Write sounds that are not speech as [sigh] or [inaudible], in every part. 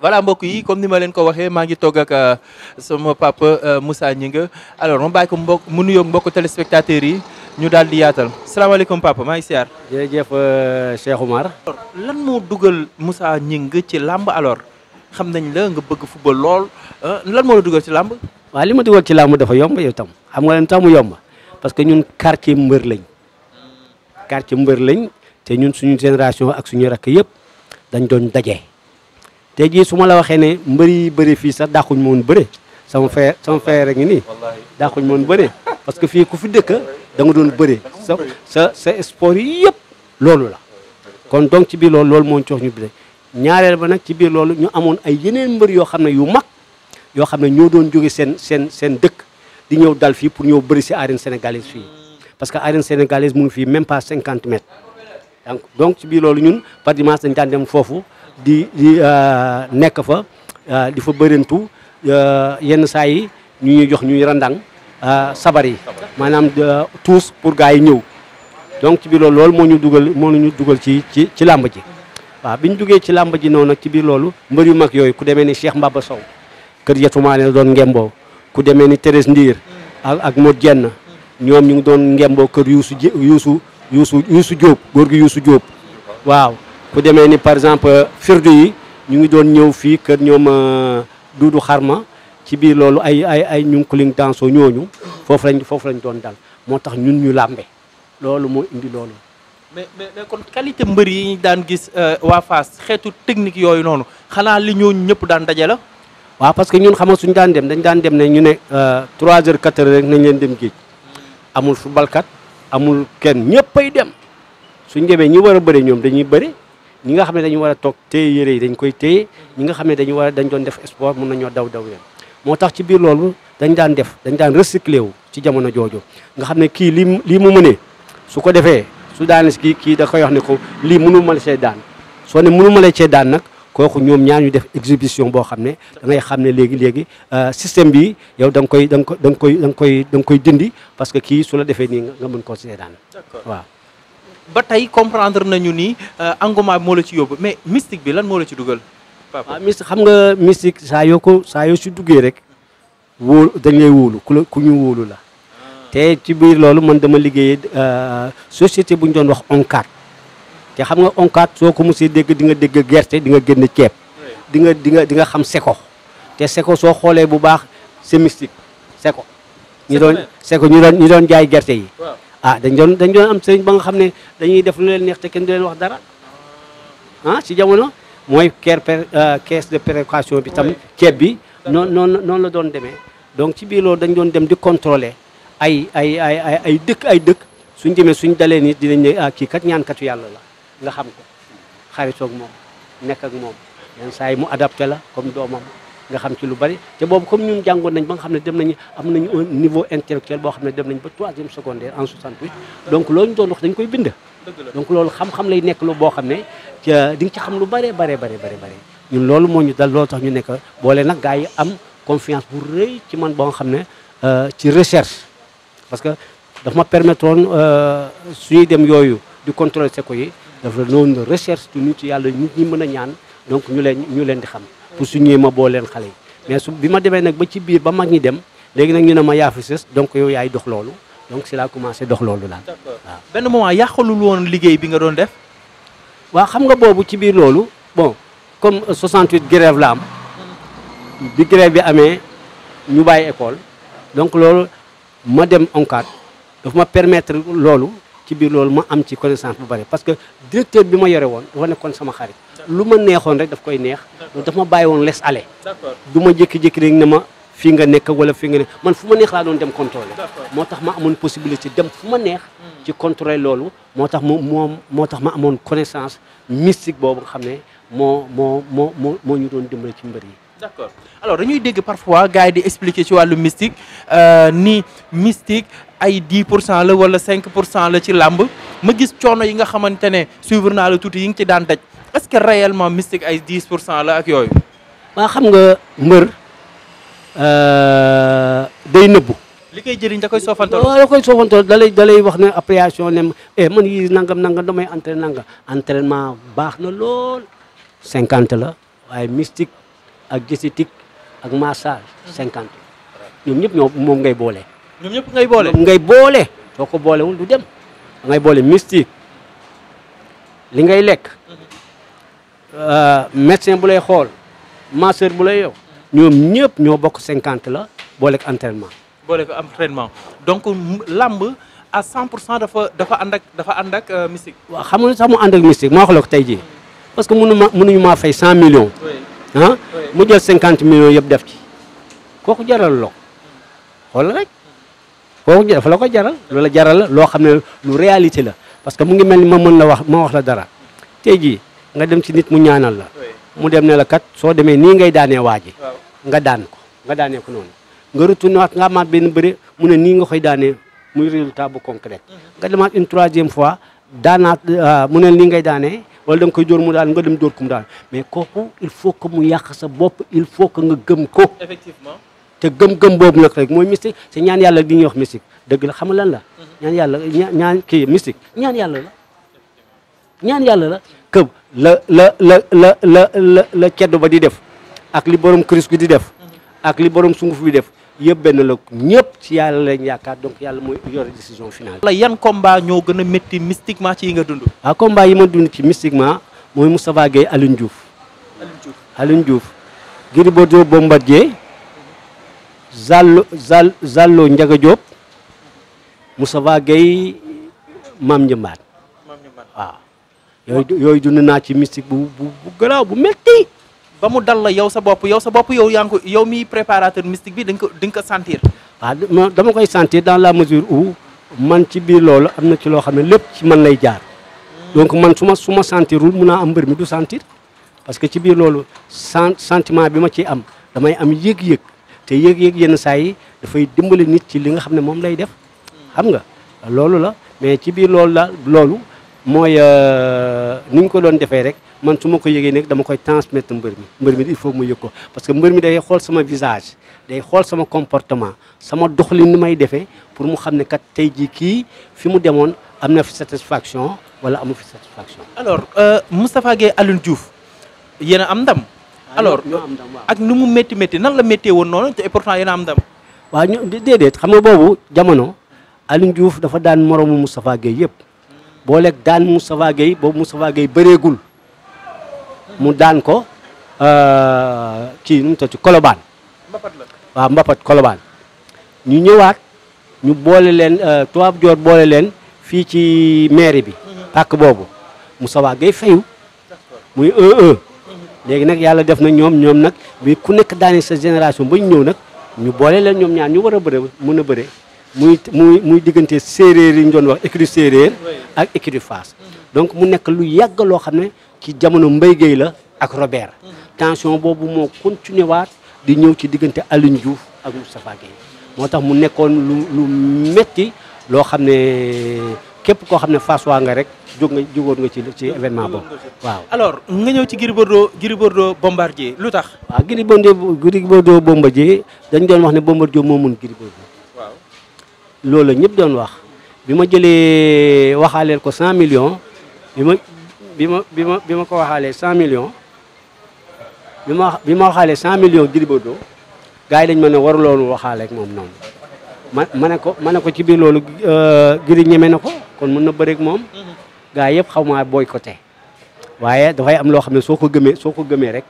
voilà mbokk yi comme ni ma leen ko waxee maa ngi togg ak euh, sama papa euh, Moussa Gningue alors ma bàyyi ko mbokk mu nuyoog mbokku téléspectateurs yi ñu daal di yaatal salaamaaleykum papa maa ngi siyaar. jërëjëf euh, Cheikh mar lan moo dugal Moussa Gningue ci làmb alors xam nañ la nga bëgg football lool lan moo dugal ci làmb. waaw li ma dugal ci làmb dafa yomba yow tam xam nga leen tam mu yomb parce que ñun quartier mbër lañ quartier mbër lañ te ñun suñu génération ak suñu rakk yëpp dañ doon daje. tey jii su ma la waxee ne mbër yi bëri fii sax dàquñ moon bëri sama frère sama frère a ngi nii dàquñ moon bëri parce que fii ku fi dëkk da doon bëri sa sa sa sport yi yëpp loolu la kon donc ci biir loolu loolu moo jox ñu bëre ñaareel ba nag ci biir loolu ñu amoon ay yeneen mbër yoo xam ne yu mag yoo xam ne ñoo doon jóge seen seen dëkk di ñëw dal fii pour ñëw bëri si arène sénégalaise fii parce que arène sénégalis mu ngi fii même pas cinquante mètres donc ci biir loolu ñun par dimanche dañ daan dem foofu di di euh, nekk fa euh, di fa bërintu euh, yenn saa yi ñu ñuy jox ñuy randang sabar yi maanaam tous pour gars yi ñëw donc ci biir loolu loolu moo ñu dugal moo ñu dugal ci ci ci làmb ji waaw bi ñu duggee ci làmb ji noonu nag ci biir loolu mbër yu mag yooyu ku demee ni Cheikh Mbaba Sow kër yetumaane la doon ngemboo ku demee ni Thérèse Ndiir ak ak Modou Dieng ñoom ñu ngi doon ngemboo kër yuusu Youssou Youssou Youssou Diop góor gi Youssou Diop waaw ku demee ni par exemple euh, firdu yi ñu ngi doon ñëw fii kër ñoom euh, Duudu Xarma ci biir loolu ay ay ay ñu ngi kuling danso ñooñu foofu lañ foofu lañ doon dal moo tax ñun ñu làmbe loolu moo indi loolu mais mais kon qualité mbër yi ñu daan gis euh, waa Fass xeetu technique yooyu noonu xanaa li ñooñu ñëpp daan daje la waaw parce que ñun xam nga suñu daan dem dañ daan dem ne ñu ne 3 heures 4 heures rek nañ leen dem géej amul footballkat amul kenn ñëppay dem suñ demee ñi war a bëri ñoom dañuy bëri ñi nga xam ne dañu war a toog téye yére yi dañ koy téye ñi nga xam ne dañu dañ doon def sport mun nañoo daw daw leen moo tax ci biir loolu dañ daan def dañ daan recycler wu ci jamono jooju nga xam ne kii lii lii mu mënee su ko defee su daanes kii kii da koy wax ko lii mënu ma la cee daan soo ne mënu ma cee daan nag kooku ñoom ñaar ñu def exhibition boo xam ne da ngay xam ne léegi léegi euh, système bi yow da nga koy da nga koy da nga koy da nga koy dindi parce que kii su la defee nii nga mën koo see daan waaw ba tey comprendre nañu nii ni euh, engouement moo la ci yóbbu mais mystique bi lan moo la ci dugal. waaw ah, mystique xam nga mystique saa yoo ko saa yoo si duggee rek wóolu dañ lay wóolu ku ku ñu wóolu la. Ah. te ci biir loolu man dama liggéeyee euh, société bu ñu doon wax ONCAD te xam nga ONCAD soo ko mosee dégg di nga dégg gerte di nga génn ceeb. di nga di nga di nga xam seko te seko soo xoolee bu baax c'est mystique seko. ñu doon seko ñu doon ñu doon jaay gerte yi. ah dañ doon dañ doon am sëriñ ba nga xam ne dañuy def lu leen neex te kenn du leen wax dara ah si jamono mooy ker euh, caisse de précaution bi tam ceeb bi noon noonu noonu la doon demee donc ci biir loolu dañ doon dem di contrôler ay ay ay ay dëkk ay dëkk suñ demee suñ dalee nit dinañ ne ah kii kat ñaankatu yàlla la nga xam ko xaritoog moom nekkak moom yenn saa mu adapté la comme doomam nga xam ci lu bari te boobu comme ñun jàngoon nañ ba nga xam ne dem nañ am nañu un niveau intellectuel boo xam ne dem nañ ba troisième secondaire en 68 donc loolu ñu doon wax dañ koy bind donc loolu xam-xam lay nekk lu boo xam ne di nga ci xam lu bare bare bare bare ñun loolu moo ñu dal loolu tax ñu nekk boole nag gars yi am confiance bu rëy ci man ba xam ne euh, ci recherche parce que daf ma permettre woon euh, suñuy dem yooyu di contrôler seko yi dafa noonu recherche tu ñu ci yàlla nit ñi mën a ñaan donc ñu leen ñu leen di xam pour su ñëwee ma boo leen xale yi mais su bi ma demee nag ba ci biir ba mag ñi dem léegi nag ñu ne ma yaa fi donc yow yaay dox loolu donc si laa commencé dox loolu daal waaw benn moment yàqalul woon liggéey bi nga doon def waa xam nga boobu ci biir loolu bon comme 68 grève la am bi grève bi amee ñu bàyyi école donc loolu ma dem ONCAD daf ma permettre loolu ci biir loolu ma am ci connaissance bu bari parce que directeur bi ma yore woon dafa nekkoon sama xarit lu ma neexoon rek daf koy neex daf ma bàyyi woon les aller du ma jékki-jékki rek ne ma fii nga nekk wala fii nga nekk man fu ma neex laa doon dem contrôler moo tax ma amoon possibilité dem fu ma neex hmm. ci contrôler loolu moo tax mu moom moo tax ma amoon connaissance mystique boobu nga xam ne moo moo moo moo moo ñu doon dimbali ci mbër yi d'accord alors dañuy dégg parfois gars yi di expliquer ci wàllu mystique euh, ni mystique ay 10 pour cent la wala cinq pour cent la ci làmb ma gis coono yi nga xamante ne suivre naa la tuuti yi nga ci daan daj est-ce que réellement mystique ay 10 pour cent la ak yooyu. waa xam nga mbër euh, day nëbbu. li koy jëriñ da koy soofantal. waaw da koy soofantal da lay wax na appréhension ne eh man yi nangam nangam damay entraîné nangam entraînement baax na lool. cinquante la waaye mystique. ak diététique ak massage cinquante ñoom ñëpp ñoo moom ngay boole. ñoom ñëpp ngay boole ngay boole. soo ko boolewul du dem ngay boole mystique li ngay lekk euh, médecin bu lay xool masseur bu lay yow ñoom ñëpp ñoo bokk cinquante la boole ak entraînement. boole ko entraînement donc làmb à 100 cent dafa dafa ànd ak dafa ànd ak euh, mystique. waa xam nga sax mu ànd ak mystique maa wax la ko tey jii parce que mun mënu ma mënuñu maa fay 100 millions. ah mu jël cinquante millions yëpp def ci kooku jaral loo xool rek kooku la ko jaral lu la jaral la loo xam ne lu réalité la parce que mu ngi mel ni ma mën la wax ma wax la dara tey jii nga dem ci nit mu ñaanal la mu dem ne la kat soo demee nii ngay daanee waa ji nga daan ko nga daanee ko noonu nga retourné waat nga amaat benn bëri mu ne nii nga koy daanee muy résultat bu concret mhm. nga demaat une troisième fois daanaat euh, mu ne nii ngay daanee wala da nga koy dóor mu daan nga dem dóor ko mu mais kooku il faut que mu yàq sa bopp il faut que nga gëm ko. effectivement te gëm-gëm boobu nag rek mooy mystique si ñaan yàlla li ñuy wax mystique dëgg la xam lan la. Mhm. ñaan yàlla ñaan kii mystique ñaan yàlla la. ñaan yàlla la que la la la la la la la ceddo ba di def ak li borom Christ bi di def. Mhm. ak li borom sunguf bi def. yëpp benn la ñëpp ci yàlla lañ yaakaar donc yàlla mooy yore décision finale. la yan combat ñoo gën a métti mystiquement ci yi nga dund. waaw ah, combat yi ma dund ci mystiquement mooy Moustapha Gueye Alioune Diouf. Alioune Diouf Alioune Diouf. Gris Bordeaux Bombardier. Zallo Zall Zallo Ndiaga Diop. Moustapha ah. dund naa ci mystique bu bu bu bu métti. ba mu dal la yow sa bopp yow sa bopp yow yaa ngi ko yow miy préparateur mystique bi da ko da ko sentir. waaw dama koy sentir dans la mesure où man ci biir loolu am na ci loo xam ne lépp ci man lay jaar. Hmm. donc man su ma su ma sentirul mun naa am mbër mi du sentir parce que ci biir loolu sen sentiment bi ma ciy am damay am yéeg yéeg te yéeg yëg yenn saa yi dafay dimbali nit ci li nga xam ne moom lay def hmm. xam nga loolu la mais ci biir loolu la loolu mooy euh, ni ñu ko doon defee rek man su ma ko yëgee nekk dama koy transmettre mbër mi mbër mi il faut mu yëg ko parce que mbër mi day xool sama visage day xool sama comportement sama doxalin nu may defee pour mu xam ne kat tey jii kii fi mu demoon am na fi satisfaction wala amu fi satisfaction. alors euh, Moustapha Gueye Alioune Diouf yéen a am ndam. Ah, alors ak nu mu métti métti nan la méttee woon noonu te pourtant yéen a am ndam. waa ñu déedéet xam nga boobu jamono Alioune Diouf dafa daan moromu Moustapha Gueye yëpp. booleeg daan Moustapha Gueye boobu Moustapha Gueye bëreegul mu daan ko euh, kii nu mu tudd Colobane. kolobaan la Mbapat Colobane. ñu ñëwaat ñu boole leen euh, tubaab joor boole leen fii ci mairie bi. Mhm. pàkk boobu Moustapha Gueye fayu muy 1 mhm. léegi nag yàlla def na ñoom ñoom nag bi ku nekk daane sa génération ba ñu ñëw nag ñu boole leen ñoom ñaan ñu war a bëre mun a bëre. muy muy muy diggante séeréer yi ñu doon wax écurie séeréer ak écurie Fass donc mu nekk lu yàgg loo xam ne ci jamono Mbaye Guèye la ak Robert mhm. tension boobu moo continué waat di ñëw ci diggante Alioune Diouf ak Moustapha moo tax mu nekkoon lu lu metti loo xam ne képp koo xam ne Fass waa nga rek jóg nga jógoon nga ci ci événement boobu waaw. alors nga ñëw ci Gris Bordeaux Gris Bordeaux Bombardier lu tax. waaw Gris Bordeaux Gris Bordeaux Bombardier dañ doon wax ne Bombardier moo mun Gris loolu ñëpp doon wax bi ma jëlee waxaaleel ko 100 millions bi ma bi ma bi ma bi ma ko waxaalee 100 millions bi ma bi ma waxaalee 100 millions Gris Bordeaux gars dañ ma ne war loolu waxaale moom noonu ma ma ne ko ma ne ko ci biir loolu euh, Gris ñeme na ko kon mën na bëreek moom mhm. gars yëpp xaw maa boycotté waaye dafay am loo xam ne soo ko gëmee soo ko gëmee rek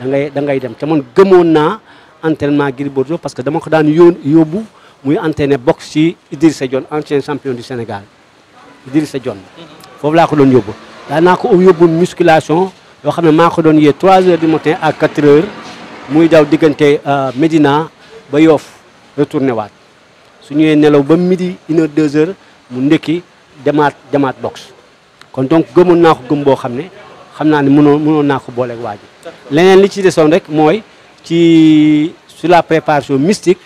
mhm. da ngay da ngay dem te man gëmoon naa entraînement Gris Bordeaux parce que dama ko daan yóon yóbbu muy entraîné boxe ci Idrissa Dione ancien champion du Sénégal sa Dione foofu laa ko doon yóbbu daa naa ko yóbbu musculation yoo xam ne maa ko doon yee trois heures du matin à 4 heures muy daw diggante euh, Médina ba yoof retourné waat su ñëwee nelaw ba midi une heure deux heures mu ndekki demaat demaat boxe kon donc gëmoon naa ko gëm boo xam ne xam naa ne mënoon mënoon naa ko booleeg waa ji leneen li ci desoon rek mooy ci su la préparation mystique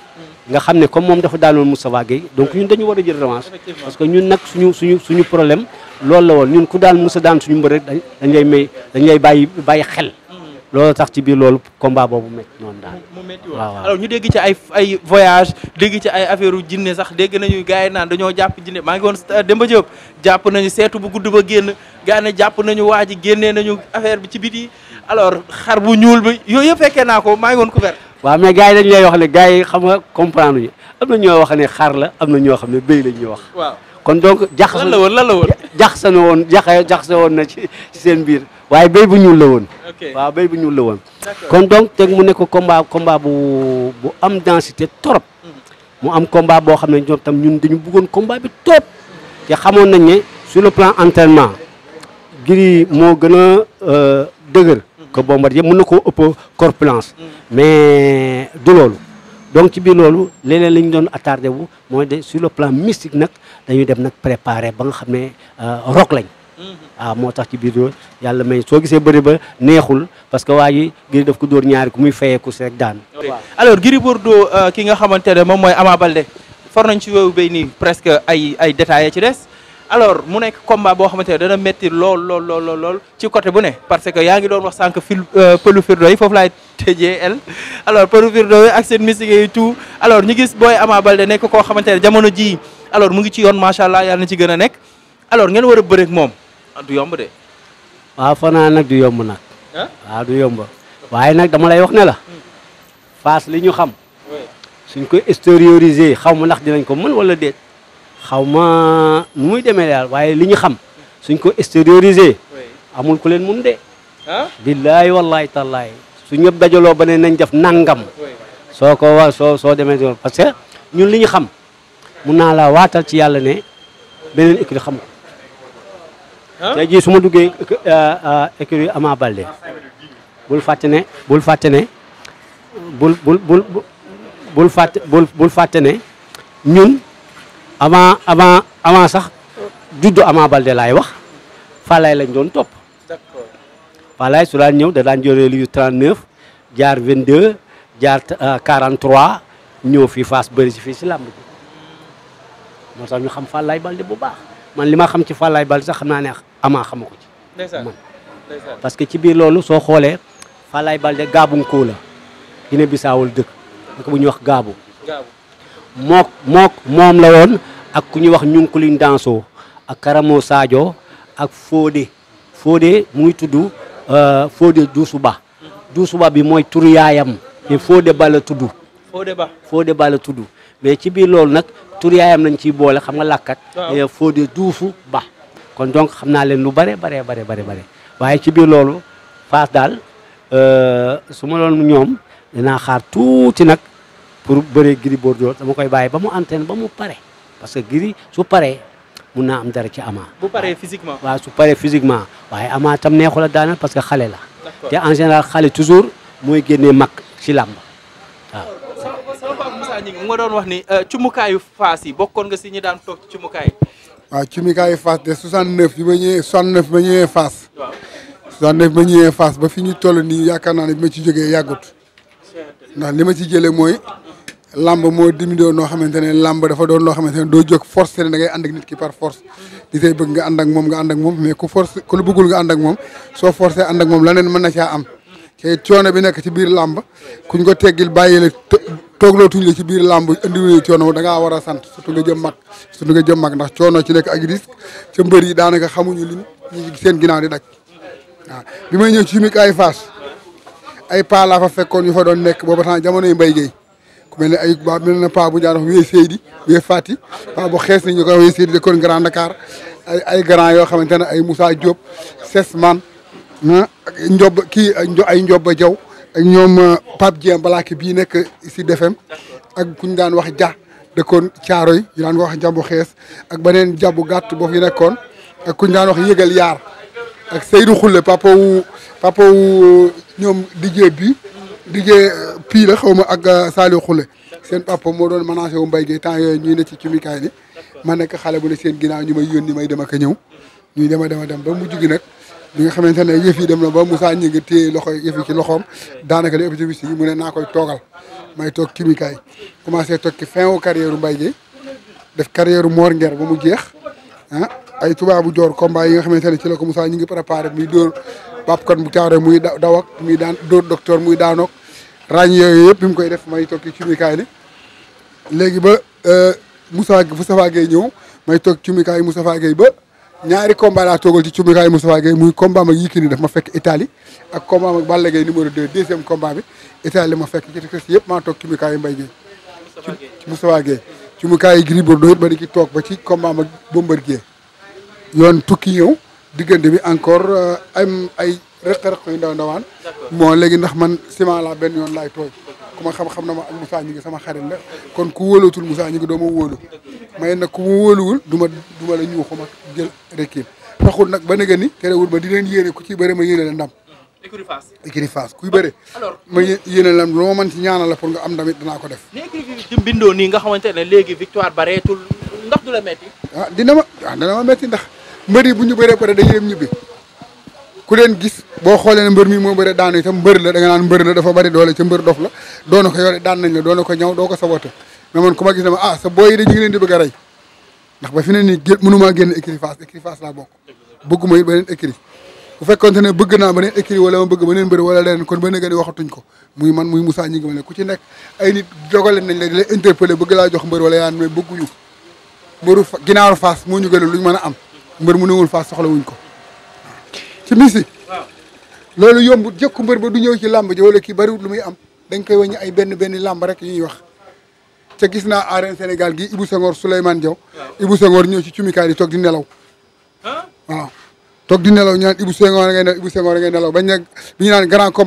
nga xam ne comme moom dafa daanoon Moustapha Guèye donc ñun dañu war a jël revanche parce que ñun nag suñu suñu suñu problème loolu la woon ñun ku daan musa daan suñu mbër rek dañ lay may dañ lay bàyyi bàyyi xel mm-hmm. loolu tax ci biir loolu combat boobu métti noonu daal mu ñu dégg ci ay ay voyage dégg ci ay affaire u jinne sax dégg nañu gars yi naan dañoo jàpp jinne maa ngi woon Demba Diop jàpp nañu seetu bu gudd ba génn gars ne jàpp nañu waa ji génnee nañu affaire bi ci biti alors xar bu ñuul bi yooyu yëpp fekkee naa ko maa ngi woon couvert waaw mais gars yi dañ lay wax ne gars yi xam nga comprendre ñu am na ñoo wax ne xaar la am na ñoo xam ne béy lañ ñu wax. waaw kon donc. jax lan la woon lan la woon jaxase na woon jaxase woon na ci seen biir waaye béy bu ñuul la woon. waaw béy bu ñuul la woon. kon donc teg mu nekk combat combat bu bu am densité trop. Hmm. mu am combat boo xam ne ñoom tam ñun dañu buggoon combat bi trop. te xamoon nañ ne su le plan entraînement. Gris moo gën a euh, dëgër. que Bombardier mën na koo ëpp corpulence mais du loolu donc ci biir loolu leneen la ñu doon attardé wu mooy de sur le plan mystique nag dañuy dem nag préparé ba nga xam ne euh, rok lañ waaw mm-hmm. ah, moo tax ci biir loolu yàlla may soo gisee bëri ba neexul parce que waa ji Gris ko dóor ñaari ku muy fayeeku si rek daan alors Gris Bordeaux euh, ki nga xamante moom mooy Ama Baldé for nañ ci wéewu bay nii presque ay ay ci des alors mu nekk combat boo xamante ne dana métti lool lool lool lool ci côté bu ne parce que yaa ngi doon wax sànq fil euh, pëlu firdo yi foofu laay [laughs] tëjee el alors pëlu firdo yi ak seen mystique yi tout alors ñu gis booy amaa Baldé nekk koo xamante ne jamono jii alors mu ngi ci yoon macha allah yàlla na ci gën a nekk alors ngeen war a bëreeg moom ah, du yomb de. waaw fanaan nag du yomb nag. waaw du yomb waaye nag dama lay wax ne la. Hmm. Fass li ñu xam. suñ ko extérioriser xaw ma ndax dinañ ko mën wala déet. xawma nu muy demee daal waaye li ñu xam suñ ko extériorisé amul ku leen mun de billaay wallaay tallaay su ñëpp dajaloo ba ne nañ def nangam soo ko soo soo demee parce que ñun li ñu xam mun naa la waatal ci yàlla ne beneen écurie xam ko tey jii su duggee euh, euh, écurie Ama Baldé bul fàtte ne bul fàtte bul bul bul bul fàtte bul fàtte ne ñun avant avant avant sax juddu Ama balde laay wax Falaye lañ doon topp. d'accord su daan ñëw da daan joree liyu 39 jaar 22 jaar 43 euh, ñëw fii fas bëri si fii si làmb bi moo sax ñu xam Falaye Baldé bu baax man li ma xam ci Falaye Baldé sax xam naa ne Ama xamu ko ci. parce que ci biir loolu soo xoolee Falaye Baldé gaabunkoo la Guinée Bissau la dëkk dëkk bu ñuy wax gaabu. mook mook moom la woon ak ku ñuy wax ñunkuliñ danso ak karamo sadio ak Fodé Fodé muy ngi tudd euh, Fodé Duusu Ba Duusu Ba bi mooy turu yaayam mais la tudd Fodé Ba Fodé Ba tudd mais ci biir loolu nag turu yaayam lañ ci boole xam nga làkkat euh, Fodé Duusu Ba kon donc xam naa leen lu bare bare bare bare bare waaye ci biir loolu Fass daal euh, su ma ñoom dinaa xaar tuuti nag pour bëree Gris Bordeaux dama koy bàyyi ba mu entraîné ba mu pare parce que Gris su paree mun naa am dara ci Ama. bu paree physiquement waaw su paree physiquement waaye Ama tam neexul a daaneel parce que xale la. te en général xale mooy génnee mag ci làmb waaw. mu nga doon wax ni euh, cumukaayu faas yi bokkoon nga si ñi daan toog ci cumukaay. waaw cumukaayu faas de 69 bi ma ñëwee 69 ma ñëwee faas. ba fi ñu toll nii yaakaar naa ne bi ma ci jógee yàggut. ndax li ma ci jëlee mooy. làmb moo dimidoon noo xamante ne lamb dafa doon loo xamante ne doo jog force ne da ngay ànd ak nit ki par force di tey bëgg nga ànd ak moom nga ànd ak moom mais ku force ku lu bëggul nga ànd ak moom soo forcé ànd ak moom laneen mën na caa am te coono bi nekk ci biir làmb kuñ ko teggil bàyyi la tooglootuñ la ci biir làmb indiwulee coono da ngaa war a sant surtout nga jëm mag surtout nga jëm mag ndax coono ci nekk ak risque ca mbër yi daanaka xamuñu li ñu seen ginnaaw di daj waaw bi may ñëw ci mi ay faas ay pa laa fa fekkoon ñu fa doon nekk booba temps jamono yi mbay géey mel ne ay waa mel na paa bu ñu wax wee Seydi wee Fati paa xees ni ñu koy wee Seydi de kon Grand Dakar ay ay grand yoo xamante ne ay Moussa Diop Sesman na ah, Ndiob kii ay Ndiob Diaw ak ñoom euh, Pape Dieng Balake bii nekk si defem ak ku daan wax ja dëkkoon caaro yi ñu daan wax jàmbu xees ak beneen jàmbu gàtt boo fi nekkoon ak ku daan wax yëgal yaar ak Seydou Khoule papa wu ñoom dijee bi liggéey pii la xaw ma ak euh, Saliou Khoule seen papa moo doon menacé wu mbay gi temps yooyu ñuy ne ci cumikaay ni ma nekk xale bu ne seen ginnaaw ñu may yónni may dem ak a ñëw ñuy dema dema dem ba mujj gi nag bi nga xamante ne yëf yi dem na ba Moussa ñi nga téye loxo yëf yi ci loxoom daanaka li objectif yi mu ne naa koy toogal may toog cumikaay commencé toog ci fin wu carrière mbay gi def carrière Mor Nguer ba mu jeex ah ay tubaabu joor combat yi nga xamante ne ci la ko Moussa ñi ngi préparé muy dóor bapkan bu caaro muy dawak muy daan dóor docteur muy daanook ràññee yooyu yëpp bi mu koy def may toog ci cumikaay li léegi ba euh, Moussa Moustapha Gueye ñëw may toog cumikaay Moustapha Gueye ba ñaari combat laa toogal ci cumikaay Moustapha Gueye muy combat mag Yékini daf ma fekk Italie ak combat mag Balla Gaye numéro 2 deuxième combat bi Italie ma fekk ci test yëpp maa toog cumikaay Mbaye Gueye. Moustapha Gueye cumikaay Gris Bordeaux it ba di toog ba ci combat mag Bombardier yoon tukki ñëw diggante bi encore euh, ay. rëq-rëq yu ndaw ndawaan moo léegi ndax man ciment laa benn yoon laay tooy ku ma xam-xam na ma ak Moussa ñu ngi sama xarit la kon ku wóolatul Moussa ñu ngi doo ma wóolu may ku ma wóoluwul du ma du ma la ñuuxu ma jël rekkiil taxul nag ba nega ni terewul ma di leen yéene ku ci bëre ma yéene la ndam écurie Fass écurie kuy bëre ma yéene la ndam lu ma mën ci ñaanal la pour nga am ndamit danaa ko def ni écurie di mbindoo nii nga xamante ne léegi victoire bareetul ndax du la metti ah dina ma ah dina ma metti ndax mbëri bu ñu bëree pare day yéem ñibbi ku leen gis boo xoolee ne mbër mi moo bëre daanu itam mbër la da nga naan mbër la a bari doole ca mbër dof la doona ko yore daan nañ la doona ko ñaw doo ko sabote mais man ku ma gis dama ah sa booy yi de ñu ngi leen di bëgg a ne nii gén mënumaa ne bëgg naa wala ma bëgg beneen bëri wala leneen kon ba ne waxatuñ ko muy man muy ma ne ku ci nekk ay nit dogale nañ la di la interpellé bëgg laa jox mbër wala yaan mais bëgguñu mbëru ginaaru faas moo ñu gënal luñ mën a am mbër mu newul face soxla wuñ ko ci mystique loolu yombut jëkku mbër ba du ñëw ci làmb ji wala kii bariwut lu muy am dañ koy wàññi ay benn benn làmb rek yu wax te gis naa arène Sénégal gi Ibou Senghor Souleymane Diaw Ibou Senghor ñëw ci cumikaay yi toog di nelaw waaw toog di nelaw ñu naan Ibou Senghor ngay nelaw nelaw bañ ne bi ñu naan grand na ko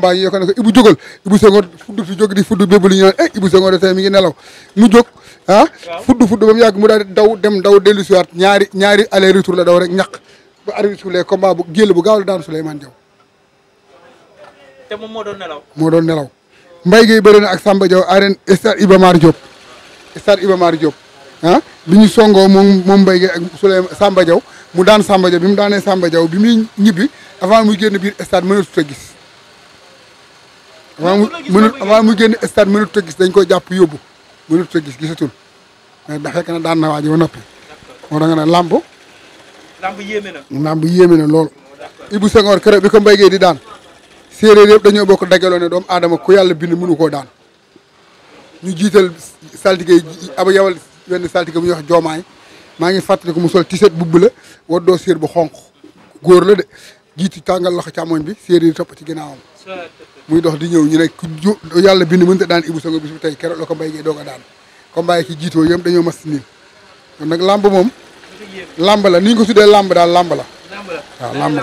Ibou jógal Ibou Senghor fi jóg di fudd bébu li ñu naan eh mi ngi nelaw mu jóg ah fudd fudd ba mu yàgg mu daal daw dem daw dellusiwaat ñaari ñaari aller retour la daw rek ñaq ko arbitre soufflé combat bu bu gaaw la daan Souleymane Diaw. moom moo doon nelaw. moo doon nelaw Mbaye Gueye ak Samba Diaw arène stade Iba Mar Diop stade Iba ah, bi ñu songoo moom moom Mbaye Gueye Samba Diaw mu daan Samba Diaw bi mu daanee Samba Diaw bi muy ñibbi avant muy génn biir stade mënatut a gis. mënatut mu gis avant muy génn stade gis dañ ko jàpp yóbbu mënatut a gis gisatul mais da fekk na daan na waaj ba noppi. moo tax nga ne lamb yéeme na. lamb yéeme na lool. Ibou Senghor keroog bi ko mbéy di daan séeréer yëpp dañoo bokk daggaloo ne doomu aadama ku yàlla bind mënu koo daan ñu jiital saltige yi aba yawal wenn saltige bu ñuy wax joomaay maa ngi fàttali ko mu sol tiset bubb la doo séer bu xonq góor la de jiitu tàngal loxo càmmoñ bi séeréer yi topp ci ginnaawam muy dox di ñëw ñu ne ku yàlla bind mënta daan Ibou Senghor bis bu tey keroog la ko mbéy gee doo ko daan combat yi ci jiitoo yëpp dañoo mass niin kon làmb moom làmb la ni ñu ko tuddee la waaw làmb